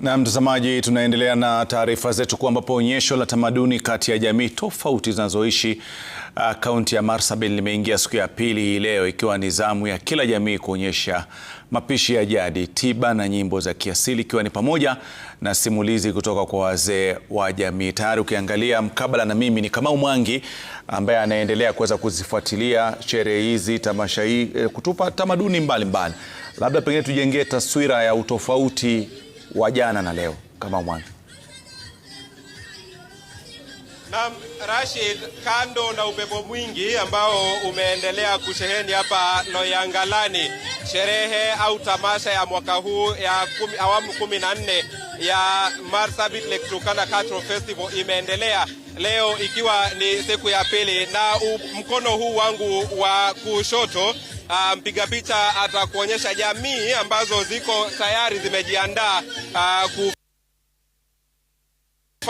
Na mtazamaji, tunaendelea na taarifa zetu kwamba onyesho la tamaduni kati ya jamii tofauti zinazoishi uh, kaunti ya Marsabit limeingia siku ya pili hii leo, ikiwa ni zamu ya kila jamii kuonyesha mapishi ya jadi, tiba na nyimbo za kiasili, ikiwa ni pamoja na simulizi kutoka kwa wazee wa jamii. Tayari ukiangalia mkabala na mimi ni Kamau Mwangi ambaye anaendelea kuweza kuzifuatilia sherehe hizi, tamasha hii, eh, kutupa tamaduni mbalimbali mbali. Labda pengine tujengee taswira ya utofauti wa jana na leo kama mwanzo. Naam, Rashid, kando na upepo mwingi ambao umeendelea kusheheni hapa Loyangalani, sherehe au tamasha ya mwaka huu ya kumi, awamu kumi na nne ya Marsabit Lake Turkana Cultural Festival imeendelea leo ikiwa ni siku ya pili, na mkono huu wangu wa kushoto Ah, mpiga um, picha atakuonyesha jamii ambazo ziko tayari zimejiandaa uh, ku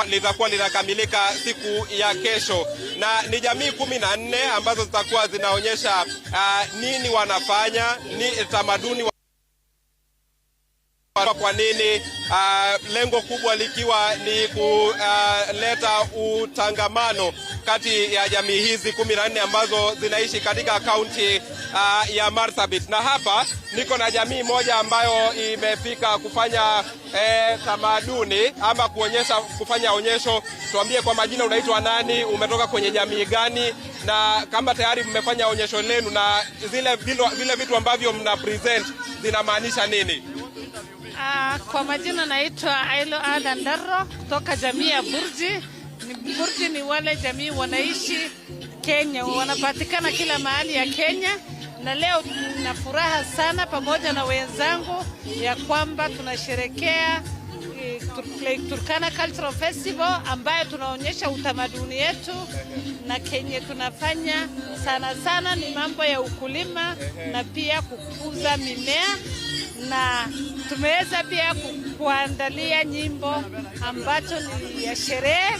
litakuwa linakamilika siku ya kesho, na ni jamii kumi na nne ambazo zitakuwa zinaonyesha uh, nini wanafanya, ni tamaduni wa kwa nini? Uh, lengo kubwa likiwa ni kuleta ah, uh, utangamano kati ya jamii hizi kumi na nne ambazo zinaishi katika kaunti uh, ya Marsabit, na hapa niko na jamii moja ambayo imefika kufanya eh, tamaduni ama kuonyesha kufanya onyesho. Tuambie kwa majina, unaitwa nani, umetoka kwenye jamii gani, na kama tayari mmefanya onyesho lenu na zile vile vitu ambavyo mna present zinamaanisha nini? kwa majina naitwa Ailo Ada ndaro kutoka jamii ya Burji. Burji ni wale jamii wanaishi Kenya, wanapatikana kila mahali ya Kenya, na leo na furaha sana pamoja na wenzangu ya kwamba tunasherekea Turkana Cultural Festival ambayo tunaonyesha utamaduni yetu na kenye tunafanya sana sana ni mambo ya ukulima na pia kukuza mimea, na tumeweza pia kuandalia nyimbo ambacho ni ya sherehe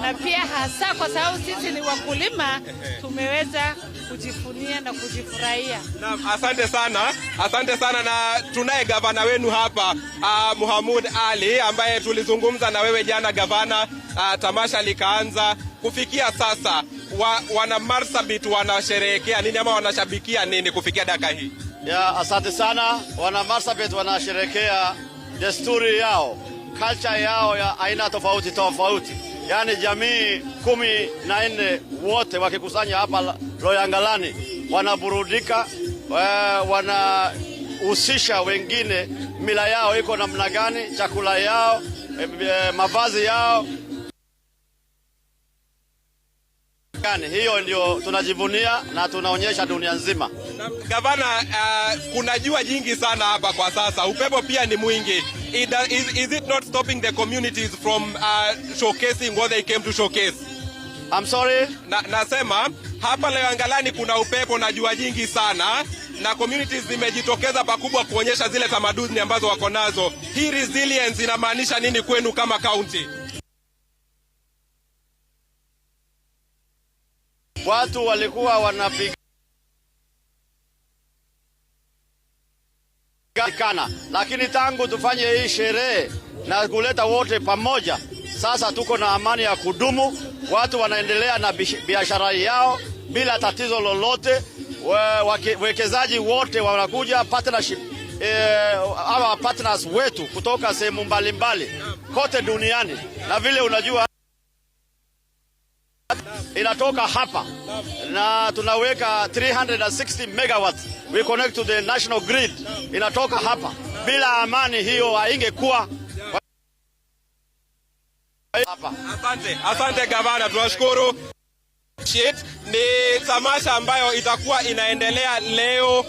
na pia hasa kwa sababu sisi ni wakulima tumeweza kujifunia na kujifurahia. Naam, asante sana, asante sana. Na tunaye gavana wenu hapa uh, Muhamud Ali ambaye tulizungumza na wewe jana gavana, uh, tamasha likaanza. Kufikia sasa wa, wana Marsabit wanasherehekea nini ama wanashabikia nini kufikia dakika hii? Ya, asante sana. Wana Marsabit wanasherehekea desturi yao, culture yao ya aina tofauti tofauti yani jamii kumi na nne wote wakikusanya hapa Loyangalani, wanaburudika eh, wanahusisha wengine mila yao iko namna gani, chakula yao, eh, eh, mavazi yao Kani, hiyo ndio tunajivunia na tunaonyesha dunia nzima. Gavana, uh, kuna jua jingi sana hapa kwa sasa, upepo pia ni mwingi. It, is, is it not stopping the communities from uh, showcasing what they came to showcase? I'm sorry? Na, nasema hapa leo Angalani kuna upepo na jua jingi sana na communities zimejitokeza pakubwa kuonyesha zile tamaduni ambazo wako nazo. Hii resilience inamaanisha nini kwenu kama county? watu walikuwa wanapigana, lakini tangu tufanye hii sherehe na kuleta wote pamoja, sasa tuko na amani ya kudumu. Watu wanaendelea na biashara yao bila tatizo lolote. Wawekezaji wote wanakuja partnership, eh, ama partners wetu kutoka sehemu mbalimbali kote duniani, na vile unajua inatoka hapa na tunaweka 360 megawatts we connect to the national grid, inatoka hapa. Bila amani hiyo haingekuwa hapa. Asante, asante gavana, tunashukuru. Ni tamasha ambayo itakuwa inaendelea leo.